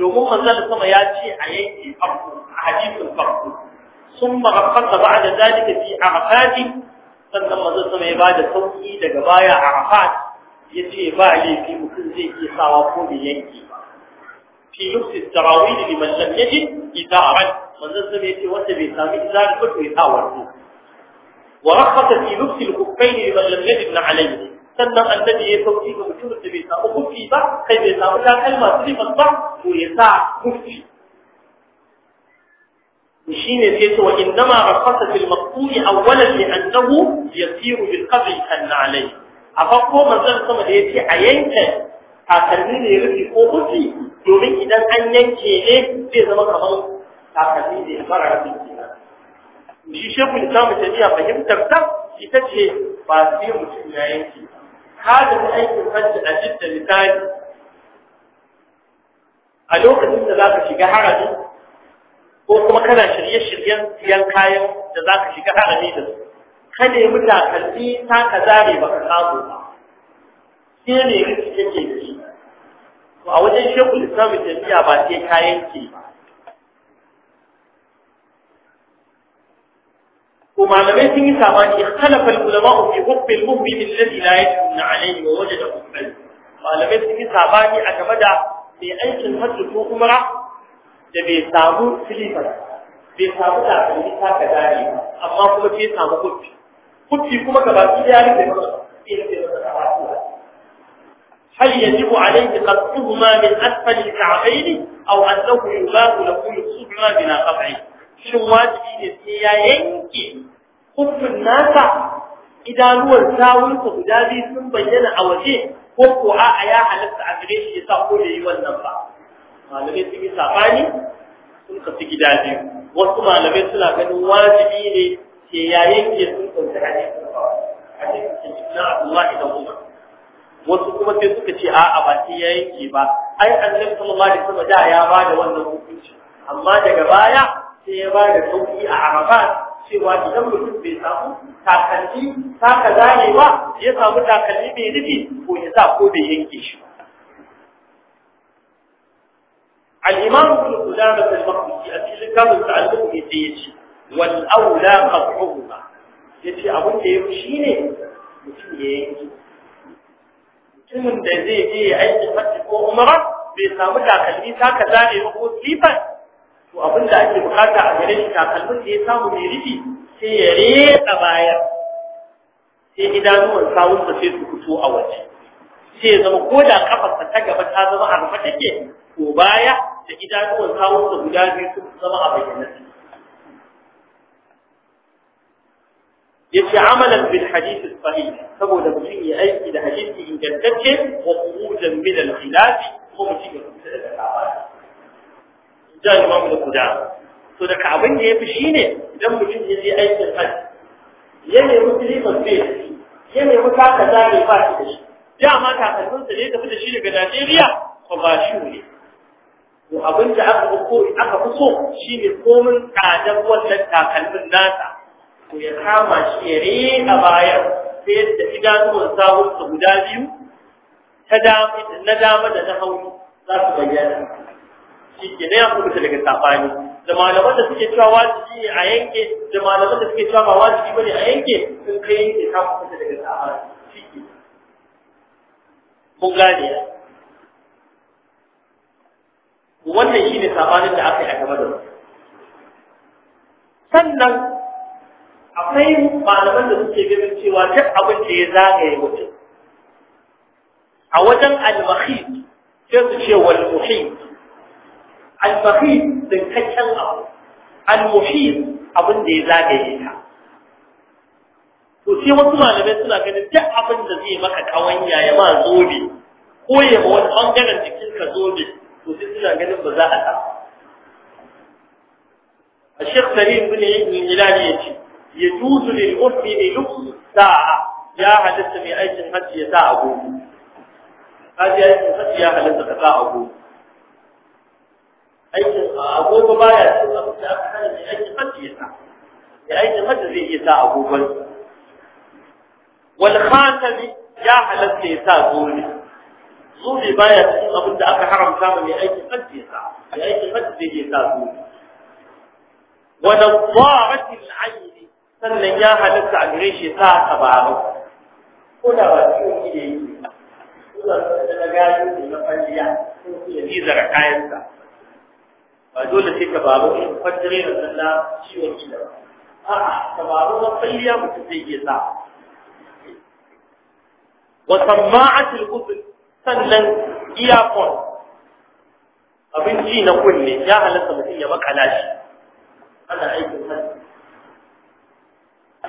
يقوم منزل السماء ياتي عليك الأرض حديث الفرق ثم رفض بعد ذلك في عرفات ثم منزل السماء يبعد صوتي لقبايا عرفات يتي فعلي في مكنزي في صوافون ينكي في لبس التراويل لمن لم يجد إذاعا منزل السماء يتي وسبي سامي إذاعا فتو إذاعا ورفض في لبس الكفين لمن لم يجد عليه sannan annabi ya sauki ga mutumin da bai samu kufi ba kai bai samu takalma silimas ba to ya sa kufi shine sai to indama rafasa fil maqtu'i awwalan li annahu yasiru bil qabri kan alai a farko manzon sama da yace a yanke takalmi ne rufi ko kufi domin idan an yanke ne zai zama kamar takalmi ne mara rufi shi shekul ta mutaniya fahimtar ta ita ce ba sai mutum ya yanke ba ka da aikin hajji a jidda misali a lokacin da za ka shiga harami ko kuma kana shirye-shiryen siyan kayan da za ka shiga harami da su ka nemi takalmi ta ka zare ba ka samu ba sai ne rikici yake da shi a wajen shekul islamu jami'a ba sai kayan ke ba ومعلمين سنجي سابان اختلف العلماء في حكم المؤمن الذي لا يجبن عليه ووجد حكمه معلمين سنجي سابان أكمد في أيش الهجل في أمرة لبي سابو سليفة بي سابو تعمل إسا كذاري أما كما في سابو قبي قبي كما كبار كذاري هل يجب عليه قطعهما من أسفل الكعبين أو أنه يباه له يقصهما بلا قطعه shin wajibi ne sai ya yanke kuffin nasa idanuwar sawunsa guda biyu sun bayyana a waje ko ko a ya halatta a gare shi ya sa ko da yi wannan ba malamai sun yi safani, sun kafi gida biyu wasu malamai suna ganin wajibi ne ke ya yanke sun ɗauki hadisin ba cikin na Abdullahi da Umar wasu kuma sai suka ce a'a ba sai ya yanke ba ai annabi sallallahu alaihi wasallam da ya ba da wannan hukunci amma daga baya sai ya ba da sauki a Arafat cewa idan mutum bai samu takalmi ta ka ba ya samu takalmi mai nufi ko ya sa ko bai yanke shi al-imam ibn qudamah al-maqdisi a cikin ta ta'alluq ne sai yace wal aula ya ce abin da shi ne, mutum ya yanke mutumin da zai je aiki fatiko ko umara bai samu takalmi ta ka zane ba ko sifat to abin da ake bukata a gare shi takalmin da ya samu mai rufi sai ya reta bayan sai idanuwan sawunsa sai su fito a waje sai ya zama ko da kafarsa ta gaba ta zama a rufe take ko baya da idanuwan sawunsa guda biyu su zama a bayyana yace amalan bil hadith sahih saboda mutum ya aiki da hadisi ingantacce wa khurujan min al khilaf ko mutum ya kusa daga labari ja imamu da kuda to da abin da ya fi shi ne idan mutum ya je aikin hajji ya nemi filifin bai ya nemi kaka zage ba shi da shi dama takalminsa ne tafi da shi daga najeriya ko ba shi ne to abin da aka ko aka fi so shi ne komin wannan takalmin nasa to ya kama shi ya a baya, sai da idanuwan sahunsa guda biyu ta na dama da na hauni za su bayyana shi ke ya kubuta daga safani da malaman da suke cewa wajibi ne a yanke da malaman da suke cewa ba wajibi bane a yanke sun kai yanke ta kubuta daga safani shi ke mun gane ya wannan shine safanin da aka yi a gaba da sannan akwai malaman da suke ganin cewa duk abin da ya zagaye mutum a wajen al-mahid sai su ce wal muhid المخيط تنكتشن أرض المحيط أبن دي زاقيتها وسيما تما لبين سنة كنت جاء أبن دي مكا كوانيا يما زولي قوية هو الحن جنن دي كلك زولي وسيما تما لبين سنة كنت الشيخ سليم بن عيد من يجوز للأرض لنقص ساعة يا حدث من أي شخص يتاعبون هذه أي شخص يا حدث يتاعبون aikin agogo baya cikin abin da aka sani mai aikin hajji ya sa mai aikin hajji zai iya sa agogon wal khatami ya halatta ya sa zuri zuri baya cikin abin da aka haramta ma mai aikin hajji ya sa mai aikin hajji zai iya sa zuri wa nadarati al sannan ya halatta a gare shi sa tabaru ko da ba ciwon ido yake ko da na gaji ne na kwalliya ko ya zara kayansa ba dole sai tabarau in fajire na zanna ciwon gida a'a tabarau na kwalliya mutum zai iya sa wa samma'atul uzl sannan earphone abin ji na kunne ya halatta mutum ya makala shi ana aikin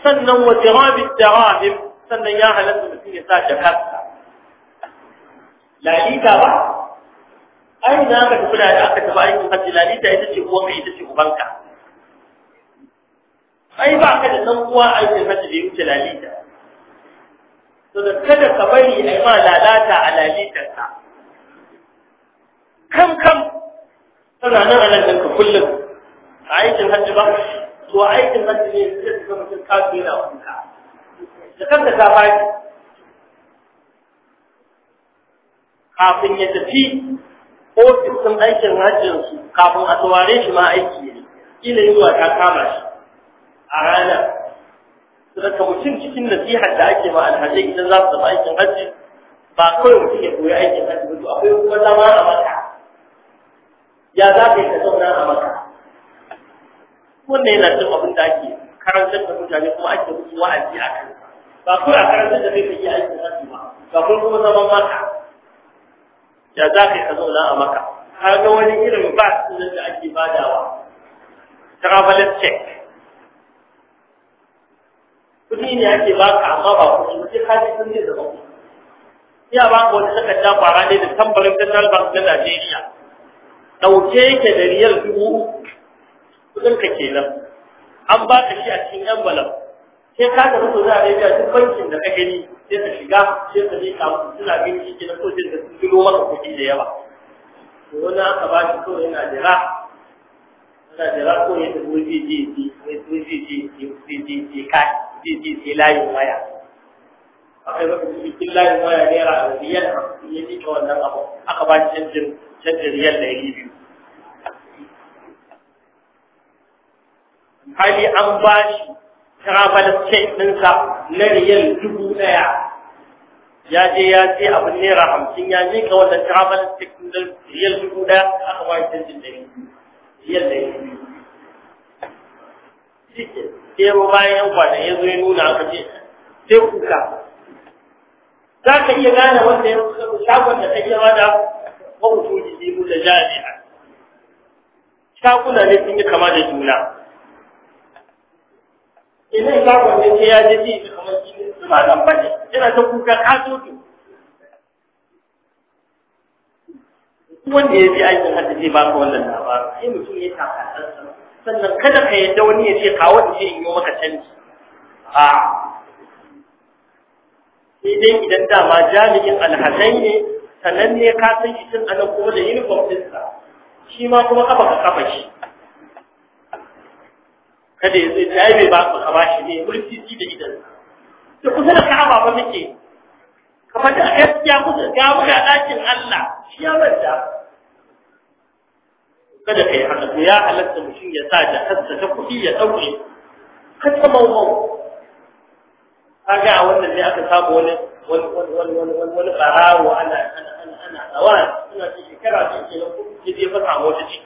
sannan wa tirabit tarahim sannan ya halatta mutum ya sa jakarta lalita ba ai na ka tafi da aka tafi aikin hajji lalita ita ce uwan ka ita ce ubanka ai ba ka da san uwa aikin hajji da ya wuce lalita to da kada ka bari ai ma lalata a lalitar ka kam kam tana nan a nan kullum a aikin hajji ba to aikin hajji ne zai zama mutum kasu yana wanka da kanka ta faɗi kafin ya tafi ofis ɗin aikin hajjinsu kafin a saurare shi ma aiki ne ila yi ta kama shi a rana daga mutum cikin nasihar da ake ma alhaji idan za su zama aikin hajji ba kawai mutum ya koyi aikin hajji ba akwai kuma zama a maka ya za ka yi ka zauna a maka wannan yana cin abin da ake karantar da mutane kuma ake musu wa'azi a kan ba kawai a karantar da kai ka yi aikin hajji ba ba kuma zaman maka da za ka yi a zauna a maka har ga wani irin ba sunan da ake badawa traveler check kudi ne ake baka amma ba kudi ba sai ka ji sun ba ku. ya ba ka wata takarda fara ne da tambarin central bank na Najeriya dauke yake da riyal dubu uku kudin ka kenan an baka shi a cikin envelope sai ka ga mutum za a rage duk bankin da ka gani sai ka shiga sai ka leka musu suna gani shi ke na kojin da sun gino maka kuɗi da yawa to wani aka ba shi kawai yana jira yana jira ko yadda wuri je je wuri je ji wuri je je kai je je je layin waya akai maka cikin layin waya naira a riyal ya ji ka wannan abu aka ba shi canjin canjin riyal da ya yi biyu hali an ba shi travel check ɗinsa na riyal dubu ɗaya ya je ya ce abu naira hamsin ya je ka wannan travel check ɗin riyal dubu ɗaya aka ba shi canjin da riyal da shi sai ya bayan yan kwana ya zo ya nuna aka ce sai kuka za ka iya gane wanda ya shagon da ta iya wada wa mutum da jami'a shaguna ne sun yi kama da juna idan ka kwanne sai ya je ji kamar shi ne su ba ne, bane yana ta kuka ka katoto wanda ya bi aikin hajji zai baka wannan labarin sai mutum ya ta tsantsan sannan kada ka yadda wani ya ce kawo in ce in yi maka canji a sai dai idan dama jami'in alhazai ne sannan ne ka san shi tun ana kuma da yunifom ɗinsa shi ma kuma kafa ka kafa shi kada ya zai ta yi ba su ba shi ne mulki ci da idan da kusa da ka'aba ba muke ka fata ya kusa ga muka ɗakin Allah shi ya manta kada kai haka to ya halatta mutum ya sa da hassa ta kuɗi ya ɗauke hatta mawau kaga a wannan ne aka samu wani wani wani ana ana suna ce shekara ce ke nan kuɗi sai fasa wata ce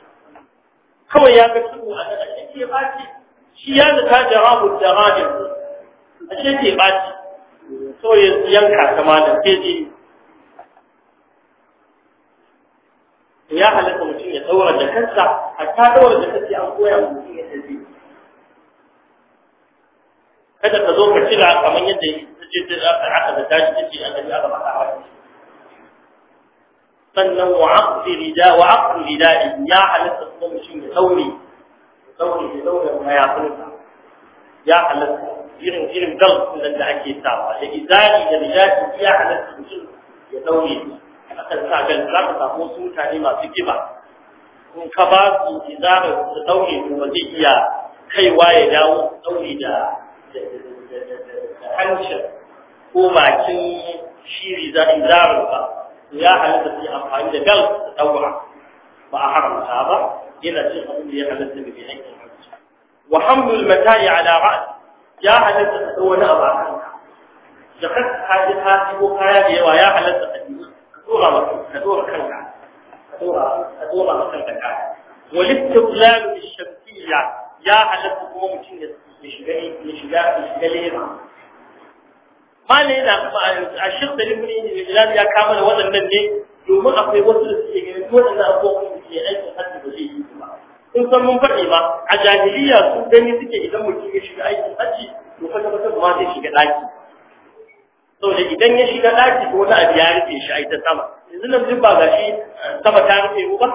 kawai ya ga tudu a ɗaga a cikin ya shi ya zata jarahu darajin a ce ke baci so ya yanka kama da sai ya halatta mutum ya daura da kansa a ta daura da kansa an koya mutum ya tafi kada ka zo ka cila kamar yadda ya ce sai za ka haka da tashi da ce annabi aka ba ta sannan wa aqdi rida wa aqdi rida ya halatta mutum ya daure ɗaure da ɗaure mayafinsa ya halatta irin irin gal nan da ake sawa da izali da rijaji ya halatta mutum ya ɗaure a kan sa gal za ka samu wasu mutane masu kiba in ka ba su izara su ɗaure to ba zai iya kaiwa ya dawo su ɗaure da hancin ko bakin shiri za izarar ba ya halatta su amfani da gal da ɗaura ba a haramta ba الى شيخ امي على السبب في عين وحمل المتاع على راس جاهد تتولى اضعافها جحت حاجتها في بكايا ديوا يا على التقديم كثورة كثورة كلها كثورة كثورة كلها والابتلال الشمسية يا على تقوم جنس مشغلي مشغلي مشغلي ما لينا الشيخ دليل من الإجلال يا كامل وزن من domin akwai wasu da suke ganin dole na abubuwan da ke aikin hajji ba zai yi ba Kun san mun faɗi ba a jahiliya sun gani suke idan mutum ya shiga aikin hajji to kwata kwata ba zai shiga ɗaki saboda idan ya shiga ɗaki ko wani abu ya rufe shi ai ita sama yanzu nan duk ba ga shi eh, sama ta rufe mu ba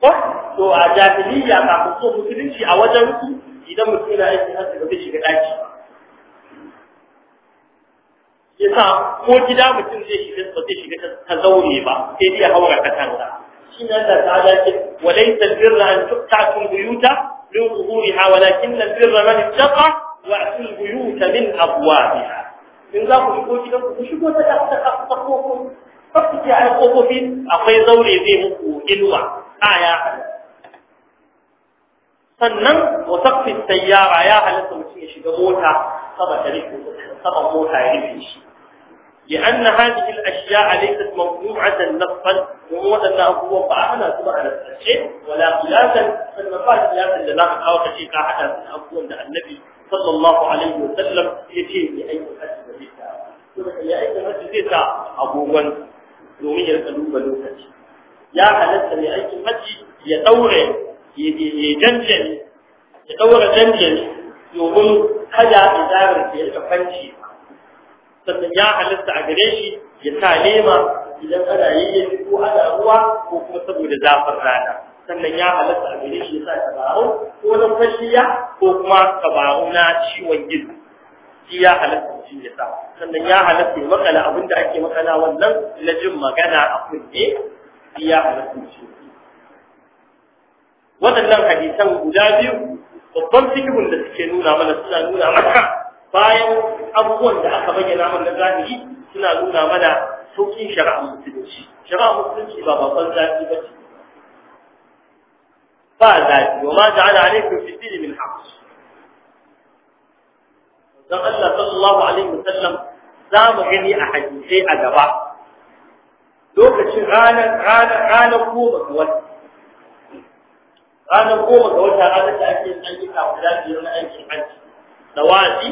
ko to a jahiliya kafin so musulunci a wajen su idan mutum yana aikin hajji ba zai shiga ɗaki ba yasa ko gida mutum zai shiga ba zai shiga ta zaure ba sai dai haura ta kansa shi ne Allah ta'ala ce walaysa albirra an tu'tatu buyuta min zuhuriha walakin albirra man ittaqa wa atul buyuta min abwabiha in za ku shigo gidan ku shigo ta ta ta kofo kafi ce ai kofofi akwai zaure zai muku inuwa aya sannan wa taqfi sayyara ya halatta mutum ya shiga mota saboda riko saboda mota ya rufe shi لأن هذه الأشياء ليست موضوعة نصا وهو أن أبوه فأعلى ثم على الشيء ولا خلافا فالمقال خلافا لنا أو كشيء أحدا من أبوه النبي صلى الله عليه وسلم يجيب لأي حسن بيتا يا أي حسن بيتا أبوه domin ya rika duba lokaci لأي halatta mai aikin haji ya daure ya janjani ya daure janjani domin kada ya sannan ya halitta a gare shi ya sa lema idan ana yayyafi ko ana ruwa ko kuma saboda zafin rana sannan ya halatta a gare shi ya sa tabarau ko na fashiya ko kuma tabarau na ciwon gizo shi ya halatta shi ya sa sannan ya halatta ya makala abinda ake makala wannan na jin magana a kunne shi ya halatta shi waɗannan hadisan guda biyu babban fikihun da suke nuna mana suna nuna maka bayan abubuwan da aka bayyana mana na zahiri suna nuna mana saukin shari'a musulunci shari'a musulunci ba babban zafi ba ce ba zafi wa ma ja'ala alaikum fi dini min haqq dan Allah sallallahu alaihi wasallam za mu gani a hadisai a gaba lokacin ranar ranar ranar goma ga wata ranar goma ga wata ranar da ake an yi kawo biyar na aikin hajji da wasi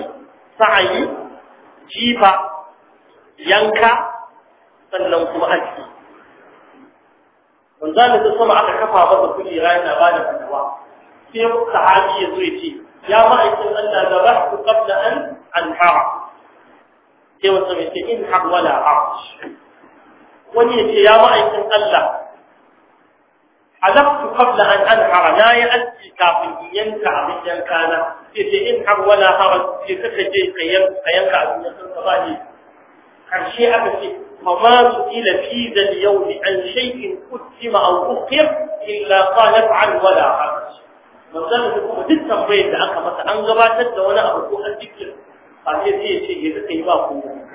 sa'ayi jifa yanka sannan kuma aski manzo Allah ta sama aka kafa masa kujera yana ba da fatawa sai sahabi ya zo ce ya ma'aikin Allah zabahtu qabla an anhara sai wata mai ce in haq wala arsh wani ya ce ya ma'aikin Allah حلقت قبل أن أنحر لا يأتي كافر ينكع بشان كان إذا إنهر ولا هرج قيمت فينكع بشان صباحي الشيء أبسي فما سئل في ذا اليوم عن شيء قدم أو أخر إلا قال افعل ولا هرج من ذلك يقول دي التنبيه اللي أنك مثلا أنقباتت لو الذكر قال يسير شيء يذكي باقوم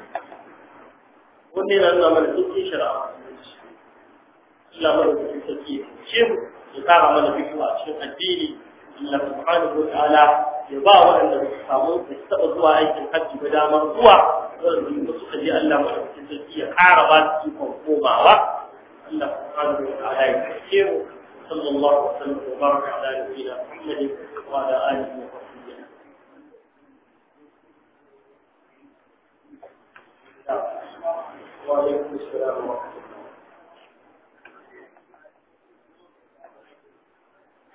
ونين أنه من الذكر شرعه Allah madaukakin sarki ya ce mu ya tsara mana fitowa a cikin addini Allah subhanahu wa ta'ala ya ba waɗanda ba su samu da su taɓa zuwa aikin hajji ba damar zuwa waɗanda suka je Allah madaukakin sarki ya ƙara ba su ikon komawa Allah subhanahu wa ta'ala ya ce mu صلى الله وسلم وبارك على نبينا محمد وعلى اله وصحبه وعليكم السلام ورحمة الله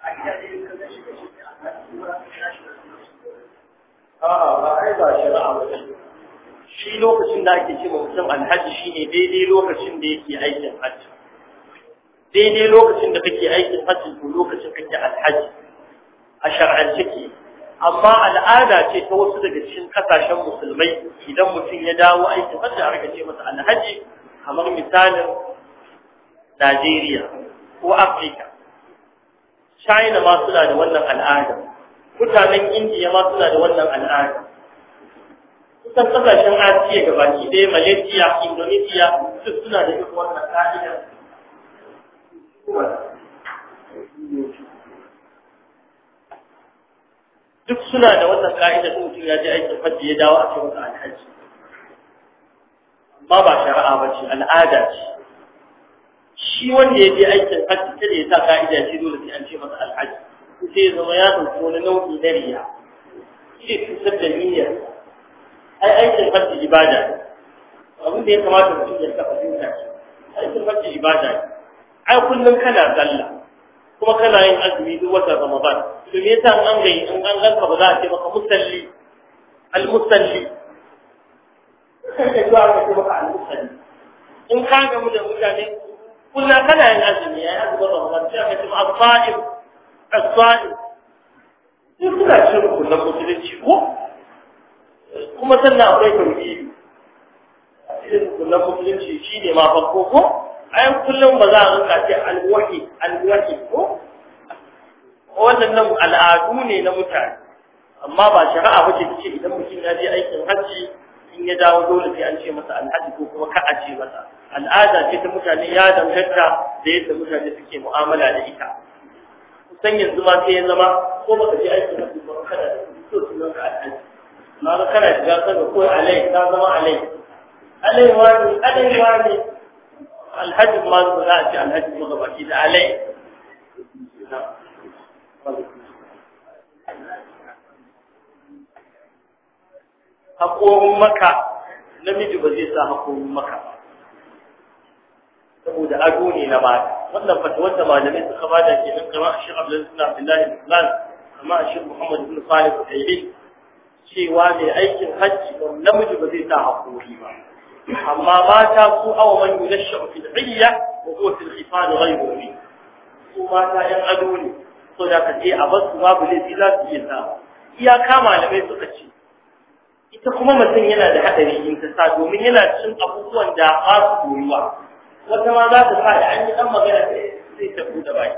a'a ba ba shi lokacin da ake ce mutum alhaji ne daidai lokacin da yake aikin hajji daidai lokacin da kake aikin hajji to lokacin kake alhaji a shar'ance ke amma al'ada ce ta wasu daga cikin kasashen musulmai idan mutum ya dawo aikin hajji a rika masa alhaji kamar misalin Najeriya ko Afirka china ma suna da wannan al'ada mutanen India ma suna da wannan al'ada kusan kasashen asiya baki ɗaya malaysia indonesia su suna da irin wannan ka'ida duk suna da wannan ka'ida da mutum ya je aikin fadda ya dawo a cikin alhaji amma ba shari'a ba ce al'ada ce shi wanda ya je aikin hajji kada ya sa ka'ida shi dole sai an ce masa alhaji sai zama ya dauki wani nau'i na riya shi kusur da niyyar ai aikin hajji ibada abin da ya kamata mutum ya taɓa fahimta shi aikin hajji ibada ne ai kullum kana sallah kuma kana yin azumi duk watan ramadan to me yasa an ga in an ganka ba za a ce maka musalli al-musalli kai ka ce maka al-musalli in ka gamu da mutane kullum kana yin azumi ya yi azumin ramadan sai aka ce ma asa'im suna shirin kullum musulunci ko kuma sannan akwai tauhidi irin kullum musulunci shi ne ma farko ko kullum ba za a rinka ce alwahi alwahi ko wannan al'adu ne na mutane amma ba shari'a ba ce idan mutum ya je aikin hajji in ya dawo dole sai an ce masa alhaji ko kuma ka a ce masa al'ada ce ta mutane ya danganta da yadda mutane suke mu'amala da ita kusan yanzu ma sai ya zama ko ba ka je aiki ba kuma kana da so sunan ka alhaji ma ga kana shiga kaga ko alai ta zama alai alai wani alai wani alhaji ma za a ce alhaji ma gaba da alai haƙorin maka namiji ba zai sa haƙorin maka saboda ado ne na mata wannan fata wanda malamai suka bada ke nan kama a shirin abdullahi suna abdullahi islam kama a shirin muhammad bin salih kaili cewa mai aikin hajji namiji ba zai sa haƙori ba amma mata su awa man yunashu fil iyya wa huwa fil khifad ghayru mubin su mata yan ado ne so da ka je a basu babu laifi za su iya sa iyaka malamai suka ce ita kuma mutum yana da hadari in ta sa domin yana cin abubuwan da ba su koyuwa wata ma za ta sa da an yi dan magana sai ta buɗe baki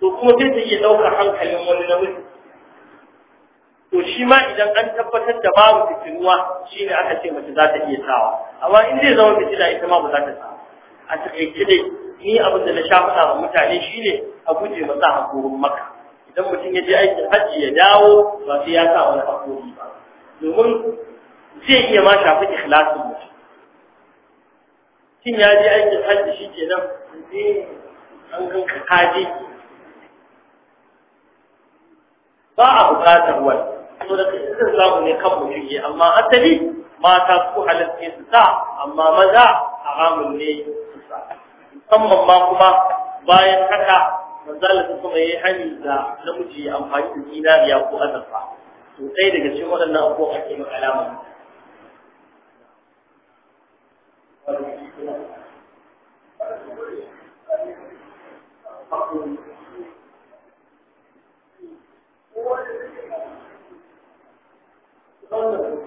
to kuma sai ta iya ɗaukar hankalin wani namiji to shi ma idan an tabbatar da babu fitinuwa shi ne aka ce mace za ta iya sawa amma in zai zama fitila ita ma ba za ta sa? a takaice dai ni abin da na sha faɗa wa mutane shine a guje masa hakorin maka idan mutum ya je aikin hajji ya dawo ba sai ya sa wani hakori ba domin zai iya ma shafi ikhlasin mutum shin ya je aikin hajji shi ke nan zai an ka kaje ba a buƙatar wani so da ka isin zamu ne kan mutum ke amma asali mata ko halatta su sa amma maza haramun ne su musamman ma kuma bayan haka manzo su kuma yi hanyar da namiji amfani da zinariya ko azurfa to sai daga cikin waɗannan abubuwa ake yin alama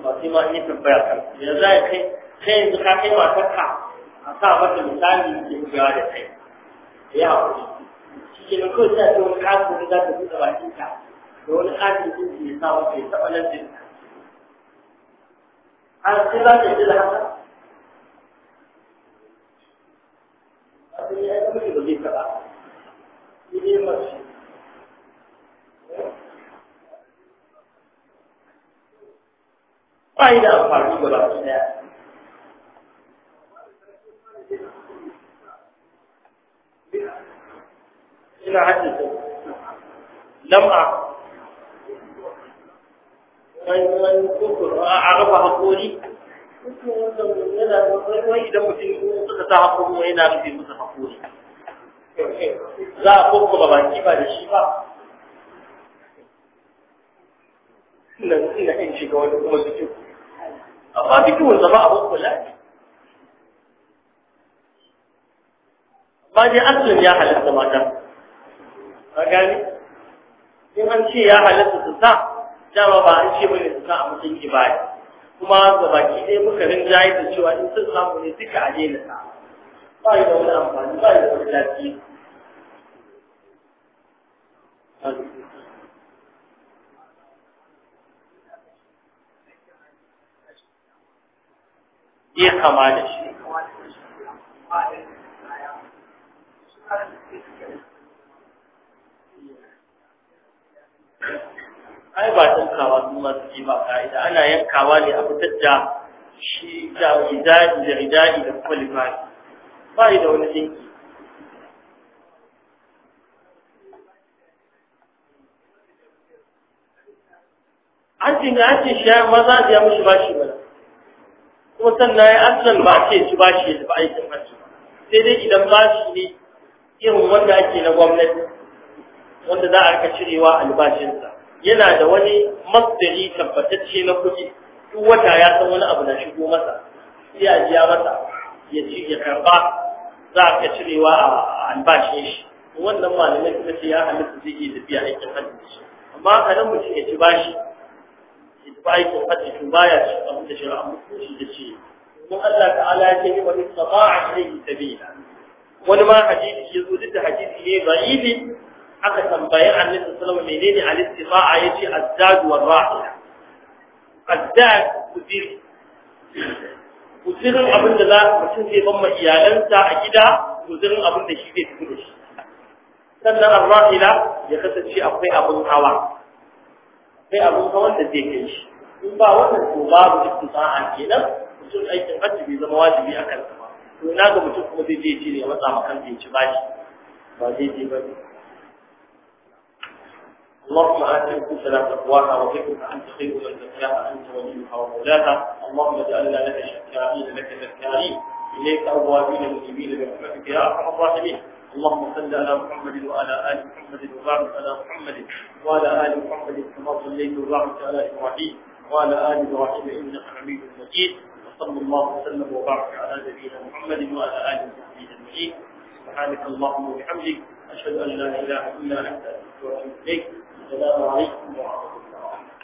masu ma ni tambaya kan yanzu ya kai kai yanzu ka kai matarka a sa mata misali ke bugawa da kai ya haƙuri shi ke nan kawai sai a ce wani kasu da za ta buɗe bakinka da wani arzikin da ya sa wanda ya taɓa lardin har sai za ka yi da haka ya yi da mutu da zai taɓa shi ba yi da amfani da ba su daya ina haddasa lam'a an a rufe haƙori yana za a baki ba da shi ba nan ina in shiga wani kuma su amma bikin zama abin kula ne amma dai asalin ya halatta mata a gani in an ce ya halatta su sa dama ba an ce bane su sa a matsayin ibada kuma ga baki ɗaya muka rinjaye da cewa in sun samu ne duka a daina sa ba yi da wani amfani ba yi da wani lafiya ya kama da shi Thank you. ai ba tankawa su ma su ba ka'ida ana yankawa ne a fitar da shi da ridadi da ridadi da kuma ba ba da wani dinki an tinga an ce shi maza da ya mushi bashi ba kuma sannan ya aslan ba ce shi bashi da ba aikin hajji sai dai idan bashi ne irin wanda ake na gwamnati wanda za a rika cirewa albashinsa yana da wani masdari tabbatacce na kuɗi duk wata ya san wani abu na shigo masa sai a biya masa ya ci ya karba za a ka cirewa a albashi. shi wannan malamai suka ce ya halitta zai iya tafiya aikin hajji da shi amma kanan mutum ya ci bashi ya ci aikin hajji to baya ci abin da shari'a mutunci da ce kuma Allah ta'ala ya ce wa istata'a ilayhi sabila wani ma hadisi yazo duk da hadisi ne da'ifi aka tambayi annabi sallallahu alaihi menene al-istifa'a yace azdad wa rahiya azdad kudir kudirin abin da za mutum ban ma iyalansa a gida kudirin abin da shi zai fito da shi sannan ar-rahila ya kasance akwai abin hawa akwai abin hawan da zai kai shi in ba wannan to babu istifa'a kenan mutum aikin hajji bai zama wajibi a sa ba to na ga mutum kuma zai je ya cire masa makan bai ci ba shi ba zai je ba اللهم آت أنفسنا تقواها وذكرها أنت خير من زكاها أنت وليها ومولاها اللهم اجعلنا لك شكائين لك ذكائين إليك أوابين مجيبين برحمتك يا أرحم الراحمين اللهم صل على محمد وعلى آل محمد وبارك على محمد وعلى آل محمد كما صليت وبارك على إبراهيم وعلى آل إبراهيم إنك حميد مجيد وصلى الله وسلم وبارك على نبينا محمد وعلى ال محمد المجيد سبحانك اللهم وبحمدك أشهد أن لا إله إلا أنت أستغفرك والسلام عليكم ورحمة الله